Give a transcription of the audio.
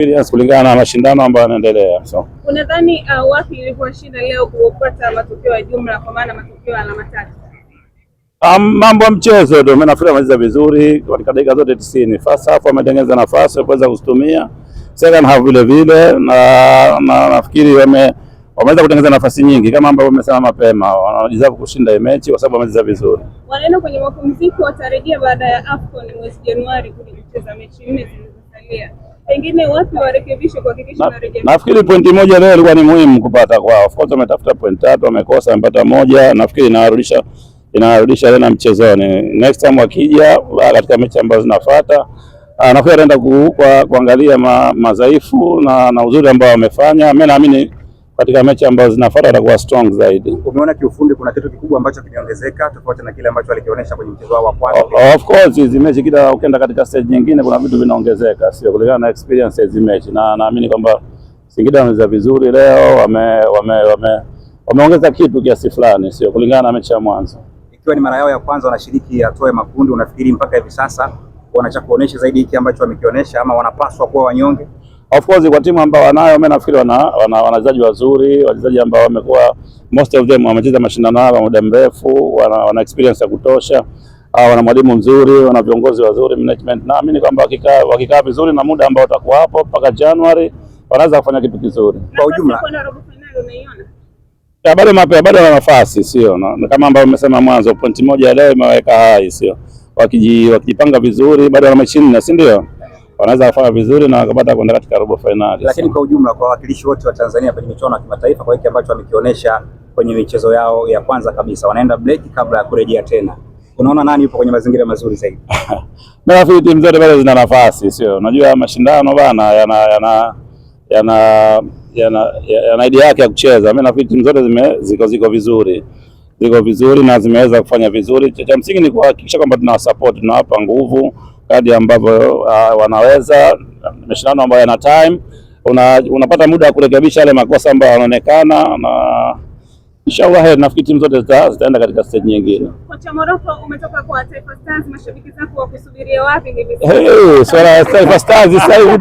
experience kulingana na mashindano ambayo yanaendelea. So, unadhani uh, wapi ilikuwa shida leo kupata matokeo ya jumla kwa maana matokeo ya alama tatu? Um, mambo ya mchezo ndio mimi nafikiri amecheza vizuri katika dakika zote 90. First half ametengeneza nafasi kuweza kuzitumia, second half vile vile na, na nafikiri wame wameweza kutengeneza nafasi nyingi kama ambavyo umesema mapema, wanajizavu kushinda mechi kwa sababu wamecheza vizuri. Wanaenda kwenye mapumziko, watarejea baada ya AFCON mwezi Januari kucheza mechi nne zilizosalia. Pengine watu warekebishe kuhakikisha wanarejea. Nafikiri pointi moja leo ilikuwa ni muhimu kupata kwao. Of course wametafuta point tatu, wamekosa, wamepata moja. Nafikiri inawarudisha inawarudisha tena mchezoni. Next time wakija katika mechi ambazo zinafuata ah, nafikiri ataenda kuangalia ma, mazaifu na, na uzuri ambao wamefanya. Mimi naamini katika mechi ambazo zinafuata atakuwa strong zaidi. Umeona kiufundi kuna kitu kikubwa ambacho kimeongezeka tofauti na kile ambacho alikionyesha kwenye mchezo wao wa kwanza. Of course hizi mechi kila ukienda katika stage nyingine kuna vitu vinaongezeka, sio kulingana na experience hizi mechi, na naamini kwamba Singida wameza vizuri leo, wame wameongeza wame, wame kitu kiasi fulani, sio kulingana na mechi ya mwanzo. Ikiwa ni mara yao ya kwanza wanashiriki hatua ya makundi, unafikiri mpaka hivi sasa wanacha zaidi hiki ambacho wamekionyesha ama wanapaswa kuwa wanyonge? Of course kwa timu ambao wanayo mimi nafikiri wana wachezaji wazuri, wachezaji ambao wamekuwa most of them wamecheza mashindano haya kwa muda mrefu, wana, wana experience ya kutosha, wana mwalimu mzuri, wana viongozi wazuri management. Naamini kwamba wakikaa wakikaa vizuri na muda ambao watakuwa hapo mpaka January wanaweza kufanya kitu kizuri kwa ujumla. Ya bado mapema, bado wana nafasi, sio na, kama ambavyo nimesema mwanzo, pointi moja leo imeweka hai, sio wakijipanga vizuri, bado wana mechi nne, si ndio? wanaweza kufanya vizuri na wakapata kwenda katika robo finali. Lakini so, kwa ujumla kwa wawakilishi wote wa Tanzania kwenye michuano ya kimataifa kwa hiki ambacho wamekionyesha kwenye michezo yao ya kwanza kabisa, wanaenda break kabla ya kurejea tena. Unaona nani yupo kwenye mazingira mazuri zaidi? Nafikiri timu zote bado zina nafasi, sio? Unajua mashindano bana yana yana yana yana, yana idea yake ya kucheza. Mimi nafikiri timu zote zime, ziko ziko vizuri ziko vizuri na zimeweza kufanya vizuri. Cha msingi ni kuhakikisha kwamba support tunawapa nguvu kadi ambavyo uh, wanaweza mashindano ambayo yana time una, unapata muda wa kurekebisha yale makosa ambayo yanaonekana na Inshallah nafikiri timu zote zitaenda katika stage nyingine. Kocha Morocco, umetoka kwa Taifa Stars, mashabiki zako wakusubiria wapi hivi sasa? Hey, swala ya Taifa Stars sasa hivi